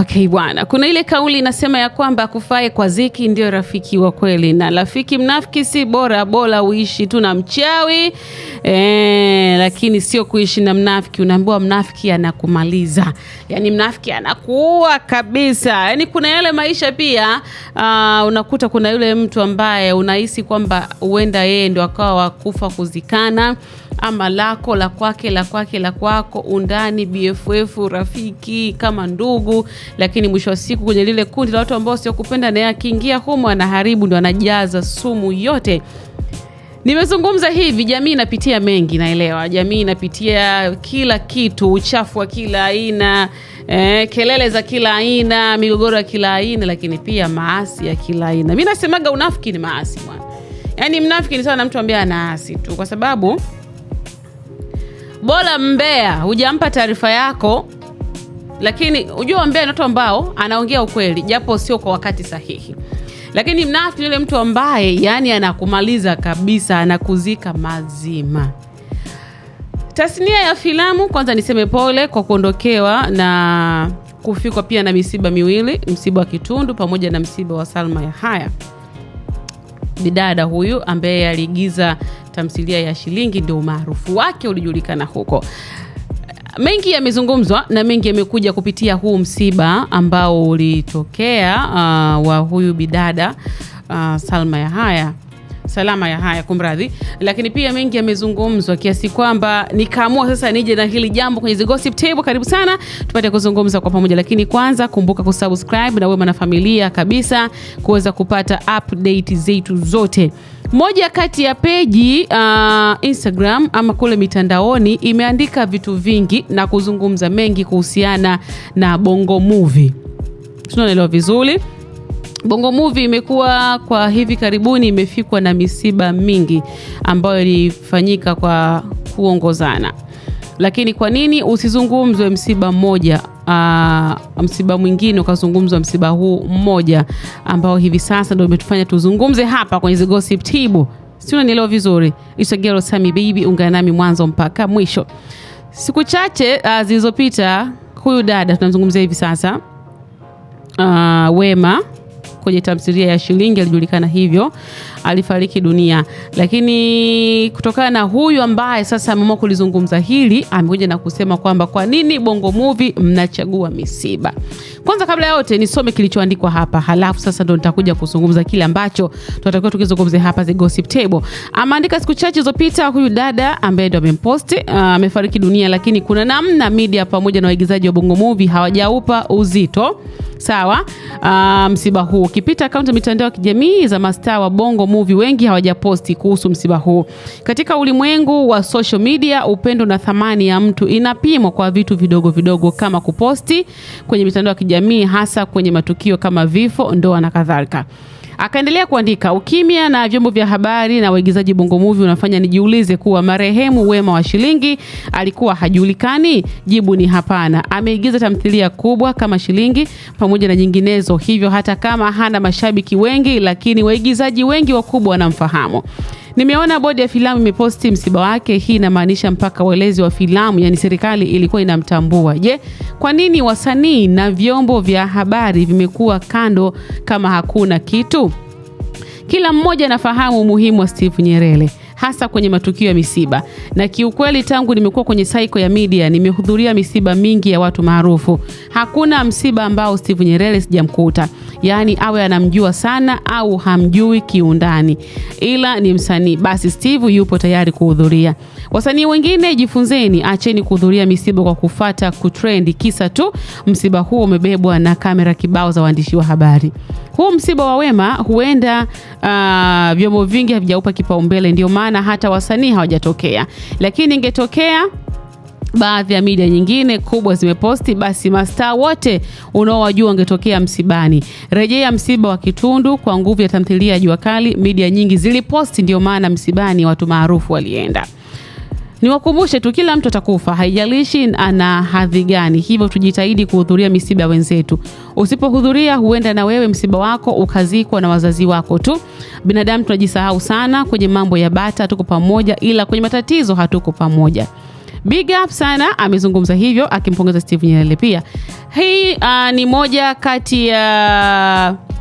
Okay bwana, kuna ile kauli inasema ya kwamba akufae kwa ziki ndio rafiki wa kweli, na rafiki mnafiki si bora, bora uishi tu na mchawi e, lakini sio kuishi na mnafiki. Unaambiwa mnafiki anakumaliza, yani mnafiki anakuua kabisa. Yani kuna yale maisha pia, uh, unakuta kuna yule mtu ambaye unahisi kwamba huenda yeye ndio akawa wakufa kuzikana ama lako la kwake la kwake la kwako, undani, BFF, rafiki kama ndugu, lakini mwisho wa siku kwenye lile kundi la watu ambao siokupenda, naye akiingia humo anaharibu, ndo anajaza sumu yote. Nimezungumza hivi, jamii inapitia mengi, naelewa jamii inapitia kila kitu, uchafu wa kila aina eh, kelele za kila aina, migogoro ya kila aina, lakini pia maasi ya kila aina. Mi nasemaga unafiki ni maasi bwana, yaani mnafiki ni sawa na mtu ambaye anaasi tu, kwa sababu bora mbea hujampa taarifa yako, lakini hujua mbea ni mtu ambao anaongea ukweli japo sio kwa wakati sahihi. Lakini mnafi yule mtu ambaye yani anakumaliza kabisa, anakuzika mazima. Tasnia ya filamu, kwanza niseme pole kwa kuondokewa na kufikwa pia na misiba miwili, msiba wa Kitundu pamoja na msiba wa Salma ya haya bidada huyu ambaye aliigiza tamthilia ya Shilingi ndio umaarufu wake ulijulikana huko. Mengi yamezungumzwa na mengi yamekuja kupitia huu msiba ambao ulitokea uh, wa huyu bidada uh, Salma ya haya Salama ya haya kumradhi, lakini pia mengi yamezungumzwa kiasi kwamba nikaamua sasa nije na hili jambo kwenye The Gossip Table. Karibu sana tupate kuzungumza kwa pamoja, lakini kwanza kumbuka kusubscribe na wewe mwanafamilia kabisa kuweza kupata update zetu zote. Moja kati ya peji uh, Instagram ama kule mitandaoni imeandika vitu vingi na kuzungumza mengi kuhusiana na Bongo Movie. Tunaelewa vizuri. Bongo Movie imekuwa kwa hivi karibuni imefikwa na misiba mingi ambayo ilifanyika kwa kuongozana. Lakini kwa nini usizungumzwe msiba mmoja uh, msiba mwingine ukazungumzwa, msiba huu mmoja ambao hivi sasa ndio umetufanya tuzungumze hapa kwenye The tibu Table, si unanielewa vizuri? It's sami Baby, ungana nami mwanzo mpaka mwisho. Siku chache uh, zilizopita huyu dada tunamzungumzia hivi sasa uh, Wema kwenye tamthilia ya Shilingi alijulikana hivyo alifariki dunia, lakini kutokana na huyu ambaye sasa ameamua kulizungumza hili, amekuja na kusema kwamba kwa nini Bongo Movie mnachagua misiba. Kwanza kabla ya yote nisome kilichoandikwa hapa, halafu sasa ndo nitakuja kuzungumza kile ambacho tunatakiwa tukizungumze hapa the gossip table. Ameandika siku chache zilizopita huyu dada ambaye ndo amempost uh, amefariki dunia, lakini kuna namna media pamoja na waigizaji wa Bongo Movie hawajaupa uzito sawa, uh, msiba um, huu ukipita akaunti mitandao ya kijamii za mastaa wa Bongo movie wengi hawajaposti kuhusu msiba huu. Katika ulimwengu wa social media, upendo na thamani ya mtu inapimwa kwa vitu vidogo vidogo kama kuposti kwenye mitandao ya kijamii, hasa kwenye matukio kama vifo, ndoa na kadhalika. Akaendelea kuandika, ukimya na vyombo vya habari na waigizaji Bongo Movie unafanya nijiulize kuwa marehemu Wema wa Shilingi alikuwa hajulikani? Jibu ni hapana. Ameigiza tamthilia kubwa kama Shilingi pamoja na nyinginezo, hivyo hata kama hana mashabiki wengi, lakini waigizaji wengi wakubwa wanamfahamu. Nimeona bodi ya filamu imeposti msiba wake. Hii inamaanisha mpaka walezi wa filamu, yani serikali ilikuwa inamtambua. Je, kwa nini wasanii na vyombo vya habari vimekuwa kando kama hakuna kitu? Kila mmoja anafahamu umuhimu wa Steve Nyerere hasa kwenye matukio ya misiba, na kiukweli, tangu nimekuwa kwenye saiko ya media nimehudhuria misiba mingi ya watu maarufu. Hakuna msiba ambao Steve Nyerere sijamkuta, yaani awe anamjua sana au hamjui kiundani, ila ni msanii, basi Steve yupo tayari kuhudhuria. Wasanii wengine jifunzeni, acheni kuhudhuria misiba kwa kufata kutrendi kisa tu msiba huo umebebwa na kamera kibao za waandishi wa habari. Huu msiba wa Wema huenda uh, vyombo vingi havijaupa kipaumbele, ndio maana na hata wasanii hawajatokea, lakini ingetokea baadhi ya media nyingine kubwa zimeposti, basi mastaa wote unaowajua wangetokea msibani. Rejea msiba wa Kitundu kwa nguvu ya tamthilia ya Jua Kali, media nyingi ziliposti, ndio maana msibani watu maarufu walienda. Niwakumbushe tu kila mtu atakufa, haijalishi ana hadhi gani, hivyo tujitahidi kuhudhuria misiba ya wenzetu. Usipohudhuria huenda na wewe msiba wako ukazikwa na wazazi wako tu. Binadamu tunajisahau sana, kwenye mambo ya bata tuko pamoja, ila kwenye matatizo hatuko pamoja. Big up sana, amezungumza hivyo akimpongeza Steve Nyerere. Pia hii uh, ni moja kati ya uh,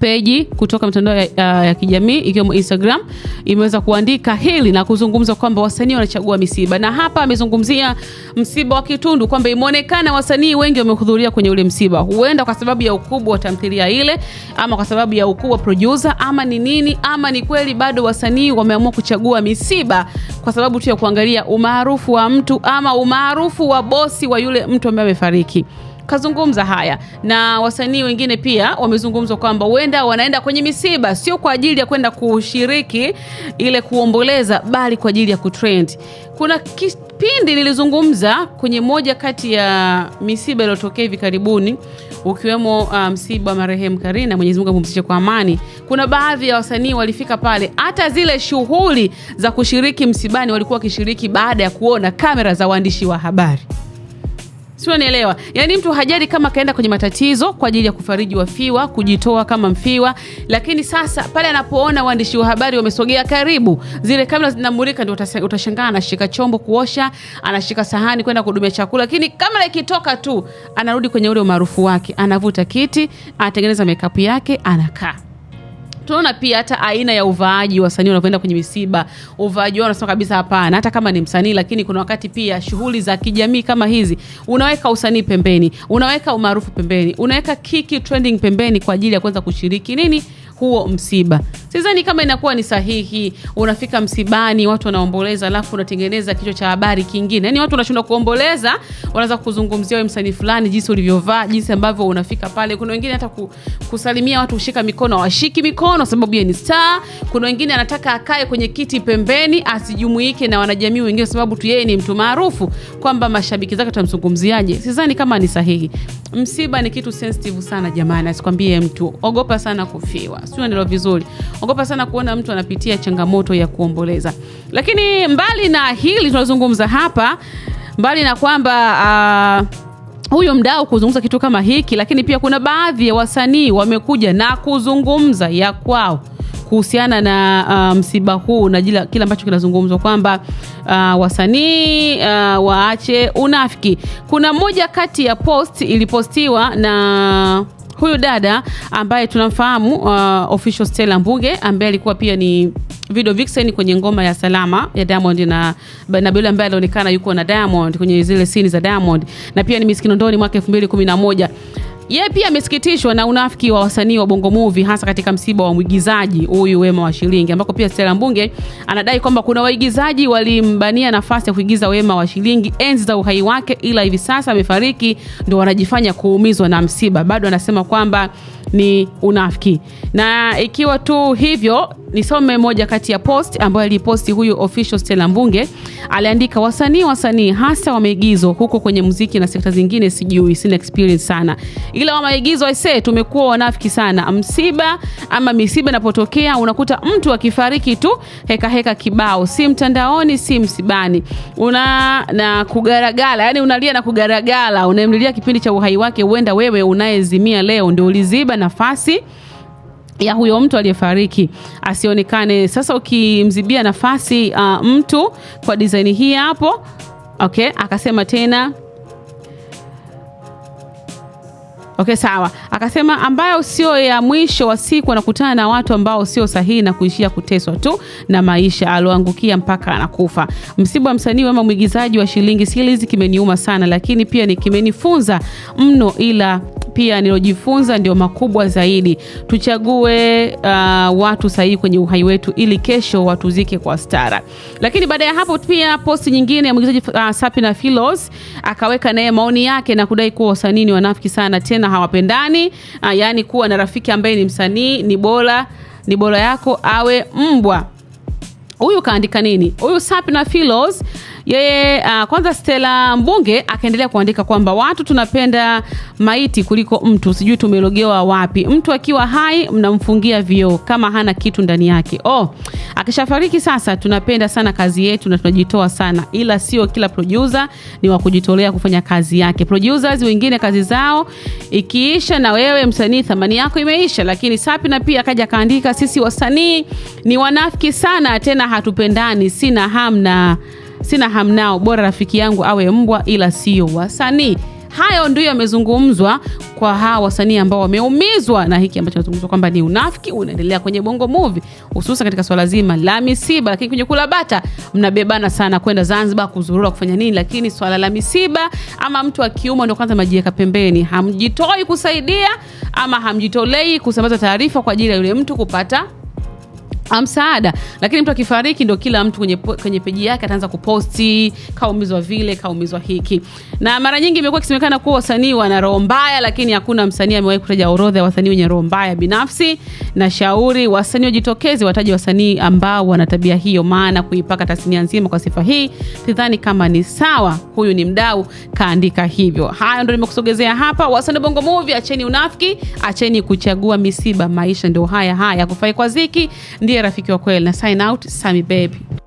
peji kutoka mitandao ya, ya, ya kijamii ikiwemo Instagram imeweza kuandika hili na kuzungumza kwamba wasanii wanachagua misiba, na hapa amezungumzia msiba wa Kitundu kwamba imeonekana wasanii wengi wamehudhuria kwenye ule msiba, huenda kwa sababu ya ukubwa wa tamthilia ile, ama kwa sababu ya ukubwa producer, ama ni nini, ama ni kweli bado wasanii wameamua kuchagua misiba kwa sababu tu ya kuangalia umaarufu wa mtu ama umaarufu wa bosi wa yule mtu ambaye amefariki kazungumza haya, na wasanii wengine pia wamezungumzwa kwamba huenda wanaenda kwenye misiba sio kwa ajili ya kwenda kushiriki ile kuomboleza, bali kwa ajili ya kutrend. Kuna kipindi nilizungumza kwenye moja kati ya misiba iliyotokea hivi karibuni ukiwemo uh, msiba um, wa marehemu Karina, Mwenyezi Mungu kwa amani. Kuna baadhi ya wasanii walifika pale, hata zile shughuli za kushiriki msibani walikuwa wakishiriki baada ya kuona kamera za waandishi wa habari sio nielewa. Yaani mtu hajari kama kaenda kwenye matatizo kwa ajili ya kufariji wafiwa, kujitoa kama mfiwa, lakini sasa pale anapoona waandishi wa habari wamesogea karibu, zile kamera zinamulika, ndio utashangaa anashika chombo kuosha, anashika sahani kwenda kudumia chakula, lakini kamera ikitoka tu anarudi kwenye ule umaarufu wake, anavuta kiti, anatengeneza makeup yake, anakaa tunaona pia hata aina ya uvaaji wasanii wanavyoenda kwenye misiba, uvaaji wao unasema kabisa hapana, hata kama ni msanii, lakini kuna wakati pia shughuli za kijamii kama hizi unaweka usanii pembeni, unaweka umaarufu pembeni, unaweka kiki trending pembeni kwa ajili ya kuweza kushiriki nini huo msiba. Sizani kama inakuwa ni sahihi. Unafika msibani, watu wanaomboleza, alafu unatengeneza kichwa cha habari kingine. Yani watu wanashindwa kuomboleza, wanaanza kuzungumzia wewe msanii fulani, jinsi ulivyovaa, jinsi ambavyo unafika pale. Kuna wengine hata kusalimia watu, ushika mikono, washiki mikono sababu yeye ni star. Kuna wengine anataka akae kwenye kiti pembeni, asijumuike na wanajamii wengine sababu tu yeye ni mtu maarufu, kwamba mashabiki zake watamzungumziaje. Sizani kama ni sahihi. Msiba ni kitu sensitive sana jamani, asikwambie mtu, ogopa sana kufiwa sio ndilo vizuri. Ogopa sana kuona mtu anapitia changamoto ya kuomboleza. Lakini mbali na hili tunazungumza hapa, mbali na kwamba uh, huyo mdau kuzungumza kitu kama hiki, lakini pia kuna baadhi ya wasanii wamekuja na kuzungumza ya kwao kuhusiana na ah, msiba huu na jila, kila ambacho kinazungumzwa kwamba uh, wasanii uh, waache unafiki. Kuna moja kati ya post ilipostiwa na huyu dada ambaye tunamfahamu uh, official Stella Mbuge ambaye alikuwa pia ni video vixen kwenye ngoma ya Salama ya Diamond na na bila ambaye alionekana yuko na Diamond kwenye zile scene za Diamond na pia ni Miss Kinondoni mwaka 2011 yeye pia amesikitishwa na unafiki wa wasanii wa Bongo Movie hasa katika msiba wa mwigizaji huyu Wema wa Shilingi, ambako pia Stella Mbunge anadai kwamba kuna waigizaji walimbania nafasi ya kuigiza Wema wa Shilingi enzi za uhai wake, ila hivi sasa amefariki, ndio wanajifanya kuumizwa na msiba. Bado anasema kwamba ni unafiki. Na ikiwa tu hivyo, nisome moja kati ya post ambayo aliposti huyu official Stella Mbunge. Aliandika, wasanii wasanii hasa wa maigizo huko kwenye muziki na sekta zingine sijui, sina experience sana, ila wa maigizo aisee, tumekuwa wanafiki sana. Msiba ama misiba inapotokea unakuta mtu akifariki tu heka heka kibao, si mtandaoni, si msibani, una na kugaragala, yani unalia na kugaragala, unamlilia kipindi cha uhai wake. Huenda wewe unayezimia leo ndio uliziba nafasi ya huyo mtu aliyefariki asionekane. Sasa ukimzibia nafasi uh, mtu kwa design hii hapo, okay, akasema tena Okay, sawa. Akasema ambayo sio ya mwisho wa siku anakutana na watu ambao sio sahihi na kuishia kuteswa tu na maisha aloangukia mpaka anakufa. Msiba wa msanii ama mwigizaji wa Shilingi Series kimeniuma sana, lakini pia ni kimenifunza mno ila pia nilojifunza ndio makubwa zaidi. Tuchague uh, watu sahihi kwenye uhai wetu ili kesho watuzike kwa stara. Lakini baada ya hapo pia posti nyingine ya mwigizaji uh, Sapi na Philos akaweka naye maoni yake na kudai kuwa wasanii ni wanafiki sana tena hawapendani. Uh, yaani kuwa na rafiki ambaye ni msanii ni bora ni bora yako awe mbwa. Huyu kaandika nini? Huyu Sapi na Philos yeye uh, kwanza Stella Mbunge akaendelea kuandika kwamba watu tunapenda maiti kuliko mtu, sijui tumelogewa wapi. Mtu akiwa hai mnamfungia vioo kama hana kitu ndani yake. Oh, akishafariki sasa, tunapenda sana kazi yetu na tunajitoa sana, ila sio kila producer ni wa kujitolea kufanya kazi yake. Producers wengine kazi zao ikiisha, na wewe msanii thamani yako imeisha. Lakini na pia akaja akaandika, sisi wasanii ni wanafiki sana, tena hatupendani, sina hamna sina hamnao, bora rafiki yangu awe mbwa, ila sio wasanii. Hayo ndio yamezungumzwa kwa hawa wasanii ambao wameumizwa na hiki ambacho nazungumzwa kwamba ni unafiki unaendelea kwenye Bongo Movie, hususan katika swala zima la misiba. Lakini kwenye kula bata mnabebana sana kwenda Zanzibar kuzurura kufanya nini, lakini swala la misiba ama mtu akiumwa ndio kwanza majieka pembeni, hamjitoi kusaidia ama hamjitolei kusambaza taarifa kwa ajili ya yule mtu kupata msaada lakini mtu akifariki ndo kila mtu kwenye, kwenye peji yake ataanza kuposti kaumizwa vile kaumizwa hiki, na mara nyingi imekuwa ikisemekana kuwa wasanii wana roho mbaya, lakini hakuna msanii amewahi kutaja orodha ya wasanii wenye roho mbaya. Binafsi na shauri wasanii wajitokeze, wataje wasanii ambao wana tabia hiyo, maana kuipaka tasnia nzima kwa sifa hii sidhani kama ni sawa. Huyu ni mdau kaandika hivyo. Hayo ndo nimekusogezea hapa. Wasanii Bongo Movie, acheni unafiki, acheni kuchagua misiba. Maisha ndio haya haya, kufai kwa ziki ndiye rafiki wa kweli na sign out Sami Baby.